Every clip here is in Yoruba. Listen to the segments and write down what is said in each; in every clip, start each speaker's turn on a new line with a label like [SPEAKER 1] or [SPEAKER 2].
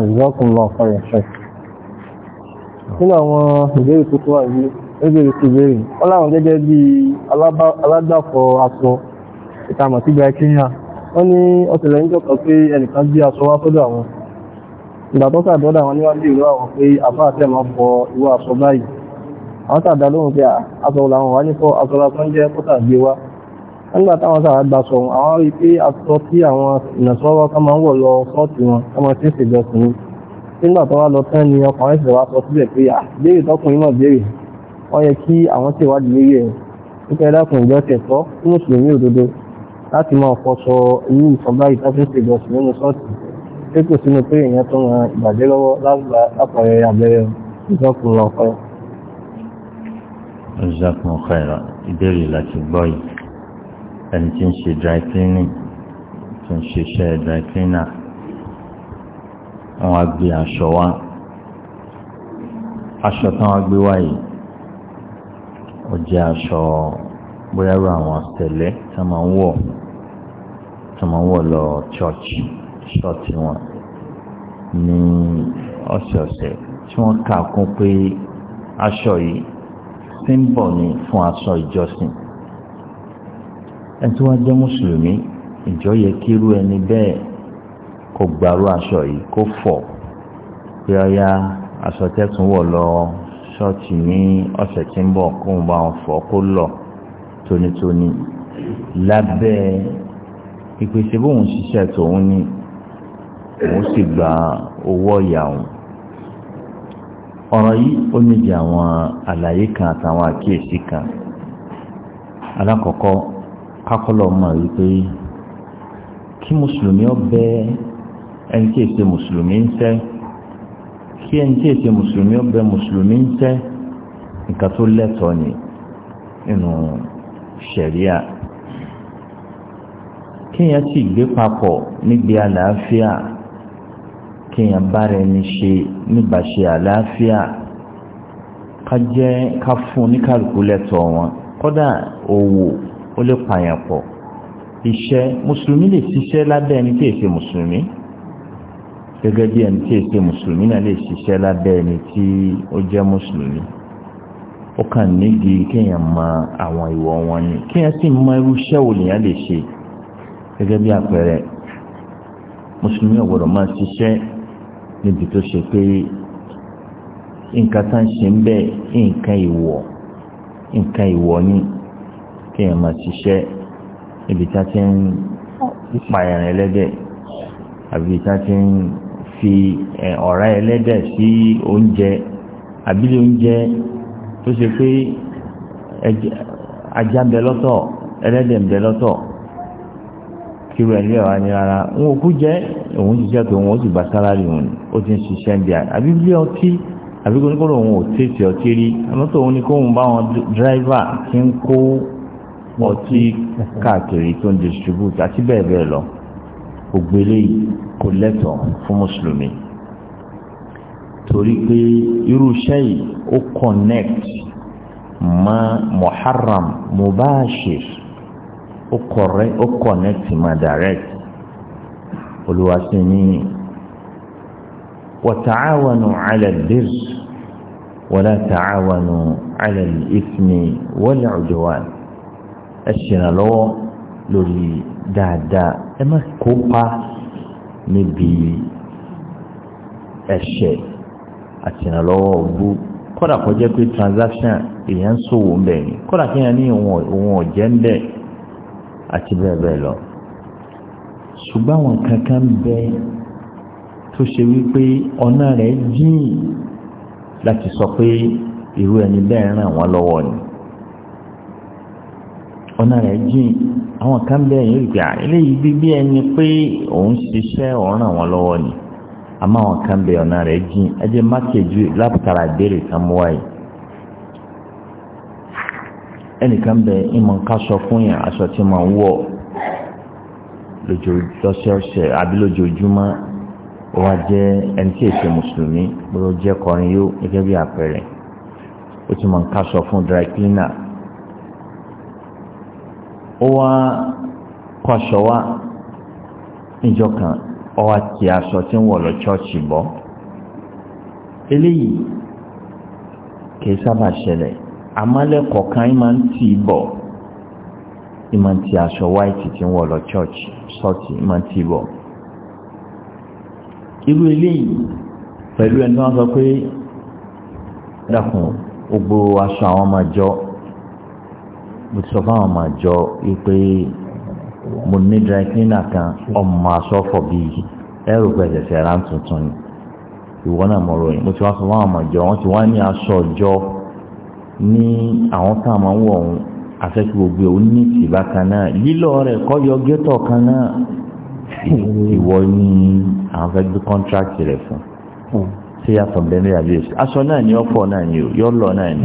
[SPEAKER 1] Jazakumullahu khairan ṣe. Nínú àwọn ìbéèrè tó tó wà yìí, ìbéèrè tó béèrè, wọ́n láwọn gẹ́gẹ́ bí alágbàfọ̀ aṣọ ìtàmọ̀ sí gba Kenya. Wọ́n ní ọ̀sẹ̀lẹ̀ ń pé ẹnìkan bí aṣọ wá sọ́dọ̀ àwọn. Ìgbà nígbà táwọn sára gba sọ àwọn rí pé aṣọ tí àwọn ìnàṣọ́rọ́ ká máa ń wọ̀ lọ sọ́ọ̀tì wọn ká máa ṣe ṣèjọ sí ni nígbà tó wá lọ tán ni ọkùnrin ṣẹ̀ṣẹ̀ wá sọ síbẹ̀ pé à béèrè tọkùnrin náà béèrè wọ́n yẹ kí àwọn sì wádìí lórí ẹ̀ nípa ẹ̀dákùn ìjọ tẹ̀tọ́ tí mùsùlùmí òdodo láti máa fọṣọ irú ìsọ̀bá ìtọ́sí ṣèjọ sí nínú sọ́ọ̀tì pé kò sínú pé èèyàn ìbéèrè láti gbọ́ yìí ẹni tí ń ṣe dry cleaning tí ń ṣiṣẹ́ dry cleaner wọ́n á gbé aṣọ wá aṣọ tí wọ́n á gbé wá yìí ó jẹ́ aṣọ bóyá ru àwọn àtẹ̀lẹ́ tí wọ́n máa ń wọ̀ tí wọ́n máa ń wọ̀ lọ church ṣọ́ọ̀tì wọn ní ọ̀sẹ̀ọ̀sẹ̀ tí wọ́n kà kún pé aṣọ yìí símbọ̀ ni fún aṣọ ìjọsìn ẹni tí wọ́n jẹ́ mùsùlùmí ìjọ yẹ kírú ẹni bẹ́ẹ̀ kó gbàrú aṣọ yìí kó fọ̀ pé ọya aṣọ tẹ́tùn wọ̀ lọ ṣọ́ọ̀tì ní ọ̀sẹ̀ tí ń bọ̀ kó ń bá wọn fọ̀ kó lọ tónítóní lábẹ́ ìpèsè bóun ṣiṣẹ́ tòun ní òun sì gba owó ọ̀yà òun ọ̀rọ̀ yìí ó níjì àwọn àlàyé kan àtàwọn àkíyèsí kan alákọ̀ọ́kọ́ kakọlọ mọ wípé kí mùsùlùmí ọbẹ ẹni tí èsè mùsùlùmí ń ṣe kí ẹni tí èsè mùsùlùmí ọbẹ mùsùlùmí ń ṣe nǹkan tó lẹ́tọ̀ọ́ ni nínú ṣẹ̀ríà kéèyàn sì gbé papọ̀ níbi àlàáfíà kéèyàn bára ẹni ṣe níbàṣe àlàáfíà ká jẹ́ ká fún oníkàlùkù lẹ́tọ̀ọ́ wọn kódà ó lè pààyàn pọ̀ iṣẹ́ mùsùlùmí lè ṣiṣẹ́ lábẹ́ ẹni tí èsè mùsùlùmí gẹ́gẹ́ bí ẹni tí èsè mùsùlùmí náà lè ṣiṣẹ́ lábẹ́ ẹni tí ó jẹ́ mùsùlùmí ó kàn nídìí kéèyàn mọ àwọn ìwọ̀ wọn ni kéèyàn sì mọ irú iṣẹ́ wo lèèyàn lè ṣe gẹ́gẹ́ bí àpẹẹrẹ mùsùlùmí ò gbọ́dọ̀ máa ṣiṣẹ́ níbi tó ṣe pé nǹkan tá ń ṣe ń bẹ́ẹ̀ nǹkan ìwọ̀ nǹkan ìwọ̀ ni kéèyàn máa ṣiṣẹ́ ibi tá ti ń pààyàn ẹlẹ́dẹ̀ àbí tá ti ń fi ọ̀rá ẹlẹ́dẹ̀ sí oúnjẹ àbílẹ̀ oúnjẹ tó ṣe pé ajá ń bẹ lọ́tọ̀ ẹlẹ́dẹ̀ ń bẹ lọ́tọ̀ kí wọ́n ẹlẹ́dẹ̀ wá ní rárá ń wo kú jẹ́ òun ṣiṣẹ́ tó wọn ó sì gba sálárì òun ó ti ń ṣiṣẹ́ bí i àbí ọtí àbí kó ní kó lóun ò tètè ọtí rí àmọ́ òun ni kóun bá wọn dráìvà ọtí káàkiri tó ń distribute àti bẹ́ẹ̀ bẹ́ẹ̀ lọ gbogbo eléyìí kò lẹ́tọ̀ọ́ fún mùsùlùmí torí pé irú iṣẹ́ yìí ó connect mọ́ muharram mubashir ó correct ó connect mọ́ direct olùwàsí ní wa ta'awanu 'ala al-birr wa la ta'awanu ẹ ṣèrànlọ́wọ́ lórí dáadáa ẹ má kópa níbi ẹ̀ṣẹ̀ àtìrànlọ́wọ́ ògbó kódà kó jẹ́ pé transaction èèyàn ṣòwò ń bẹ̀ ni kódà kí èèyàn ní òun ọ̀jẹ́ ń bẹ̀ àti bẹ́ẹ̀ bẹ́ẹ̀ lọ. ṣùgbọ́n àwọn kankan ń bẹ tó ṣe wípé ọ̀nà rẹ̀ jìn láti sọ pé irú ẹni bẹ́ẹ̀ ràn wọ́n lọ́wọ́ ni. ọ̀nà rẹ̀ jìn àwọn kan bẹ́ẹ̀ yóò gbà eléyìí bíbí ẹni pé òun ṣiṣẹ́ òun lọ́wọ́ ni àmọ́ àwọn kan bẹ́ẹ̀ ọ̀nà rẹ̀ jìn ẹjẹ́ mákèjú lápùtàrà ìbéèrè kan mú wáyé ẹnìkan bẹ́ẹ̀ ìmọ̀ nǹkan sọ fún yàn aṣọ tí mo ń wọ̀ lọ́sọ̀ọ̀sẹ̀ àbí lójoojúmọ́ wọ́n jẹ́ ẹni tí èsè mùsùlùmí bó jẹ́ kọrin yó gẹ́gẹ́ bí àpẹẹrẹ ó ti mọ̀ nǹkan sọ fún ó wá kọṣọ wá níjọ kan ó wá ti aṣọ tí ń wọ̀ lọ ṣọ́ọ̀ṣì bọ́ eléyìí kìí sábà ṣẹlẹ̀ amálẹ́kọ̀ọ́ kan ìmọ̀ ń tì í bọ̀ ìmọ̀ ń ti aṣọ wáìtì tí ń wọ̀ lọ ṣọ́ọ̀ṣì ṣọ́ọ̀tì ìmọ̀ ń tì í bọ̀ irú eléyìí pẹ̀lú ẹni tó wọ́n sọ pé dákun gbogbo aṣọ àwọn ọmọ ìjọ mo ti sọ fáwọn ọmọ àjọ wípé mo ní dry cleaner kan ọmọ asọ́fọ̀ bíi ẹrù pẹ̀sẹ̀ sẹ̀ra tuntun ni ìwọ náà mo ròyìn mo ti wá sọ fáwọn ọmọ àjọ wọn ti wá ní aṣọ ọjọ́ ní àwọn tá a máa ń wọ̀ ọ̀hún afẹ́kí gbogbo ẹ̀ ó ní ìtìbá kan náà lílọ rẹ̀ kọ́ yọ gẹ́tọ̀ kan náà ìwọ ní àwọn fẹ́ gbé kọ́ńtrákì rẹ̀ fún hmm. ṣé yàtọ̀ bẹ́ẹ̀ ní àbí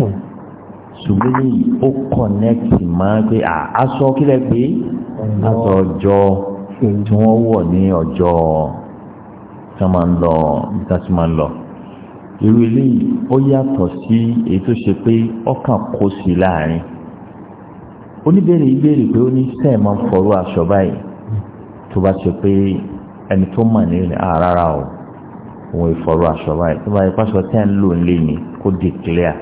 [SPEAKER 1] ni ṣùgbọ́n yìí ó kọ̀nẹ́kì máa pé aṣọ kílẹ̀ pé aṣọ ọjọ́ tí wọ́n wọ̀ ní ọjọ́ tí wọ́n máa ń lọ níta tí wọ́n máa ń lọ. irú eléyìí ó yàtọ̀ sí èyí tó ṣe pé ọkàn kó sí láàrin. oníbẹ̀rẹ̀ ìbéèrè pé ó ní sẹ́ẹ̀ máa ń fọrú aṣọ báyìí tó bá ṣe pé ẹni tó mọ̀ ní àrárá o òun ìfọrú aṣọ báyìí tó bá yẹ pásọ tẹ́ ń lò ń lé ní kó declare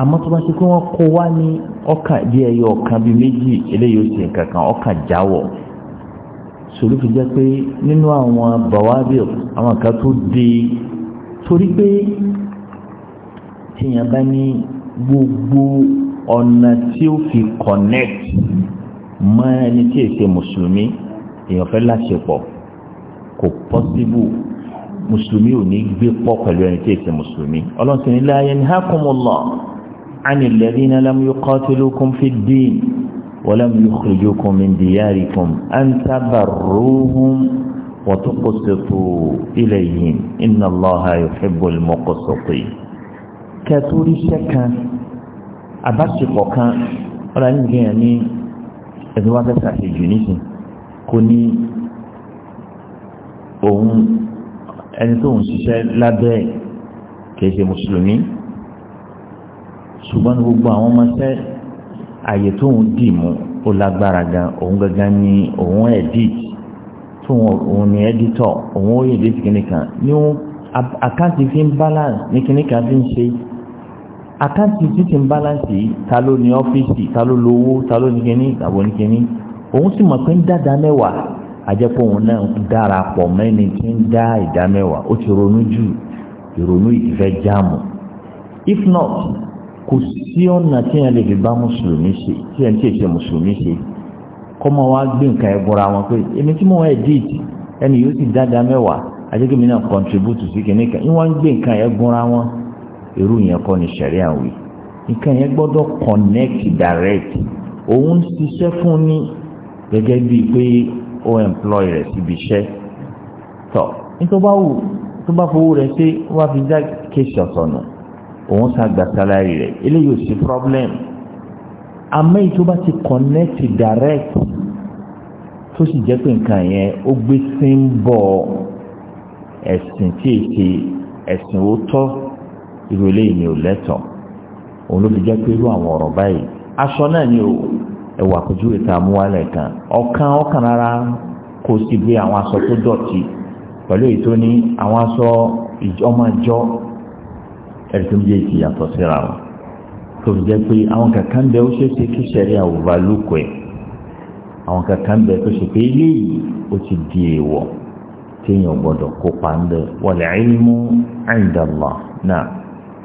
[SPEAKER 1] àmọ́ tó bá ṣe pé wọ́n kó wá ní ọkà bí ẹyọ ọ̀kan bíi méjì eléyìí ó sì nǹkan kan ọkà jáwọ̀ sòrí fi jẹ́ pé nínú àwọn bawábìl àwọn kan tó di torí pé tíyẹn bá ní gbogbo ọ̀nà tí ó fi connect mọ́ ẹni tí èsè mùsùlùmí èèyàn fẹ́ láṣepọ̀ kò pọ́síbù mùsùlùmí ò ní gbé pọ̀ pẹ̀lú ẹni tí èsè mùsùlùmí ọlọ́run sì ní la yanhakumullah. عن الذين لم يقاتلوكم في الدين ولم يخرجوكم من دياركم أن تبروهم وتقسطوا إليهم إن الله يحب المقسطين كاتوري شكا أبشق كان ولا يعني إذا وقت ساحي جنيسي كوني أم أنتم شكا لابد كيف مسلمين ṣùgbọ́n gbogbo àwọn ọmọọṣẹ́ àyè tóun dì mú ó lágbára gan òun gangan ni òun edit tóun òun ni editor òun ó yẹ edit kìnìkan ní àkáǹtì fi ń balance ní kìnìkan fi ń ṣe àkáǹtì tí ti ń báláǹsì ta ló ní ọ́fíìsì ta ló lówó ta ló ní kíní ìgbàgbọ́ ní kíní òun sì mọ̀ pé ń dá ìdámẹ́wàá àjẹpọ̀ òun náà dára pọ̀ mẹ́ni tí ń dá ìdámẹ́wàá ó ti ronú jù ìrònú ìfẹ́ jáàmù if not kò sí ọ̀nà tí yẹn lè fi bá mùsùlùmí ṣe tí yẹn tí èsè mùsùlùmí ṣe kọ́ mọ wá gbé nǹkan ẹ̀ bọ́ra wọn pé èmi tí mo wọ́n edit ẹni yóò ti dáadáa mẹ́wàá ajẹ́kẹ́mi náà contribute sí kìíní kan ìwọ́n ń gbé nǹkan ẹ̀ wọn irú yẹn kọ́ ni sẹ̀rí àwìn nǹkan yẹn gbọ́dọ̀ connect direct òun ṣiṣẹ́ fún ni gẹ́gẹ́ bíi pé ó employ rẹ̀ síbi iṣẹ́ tọ́ nítorí bá wù tó bá fowó rẹ̀ ṣe wá fi já kéṣì ọ̀sán nù òun ṣàgbà sálárì rẹ̀ eléyìí ò sí problem àmọ́ èyí tó bá ti connect direct tó sì jẹ́ pé nǹkan yẹn ó gbé sí ń bọ̀ ẹ̀sìn tí èsì ẹ̀sìn ó tọ́ irú eléyìí ni ò lẹ́tọ̀ọ́ òun ló fi jẹ́ pé irú àwọn ọ̀rọ̀ báyìí aṣọ náà ni o ẹ̀wà kojú ìta amúwálẹ̀ kan ọ̀kan ọ̀kan rárá kò sí bí àwọn aṣọ tó dọ̀tí pẹ̀lú èyí tó ní àwọn aṣọ ọmọ ìjọ ẹ̀sìn bí èsì yàtọ̀ síra wọn tó fi jẹ́ pé àwọn kankan bẹ ó ṣe é ṣe kí sẹ́rí àwòrán lóko ẹ̀ àwọn kankan bẹ tó ṣe pé eléyìí ó ti di èèwọ̀ téèyàn gbọ́dọ̀ kópa ń bẹ wal ilmu inda náà.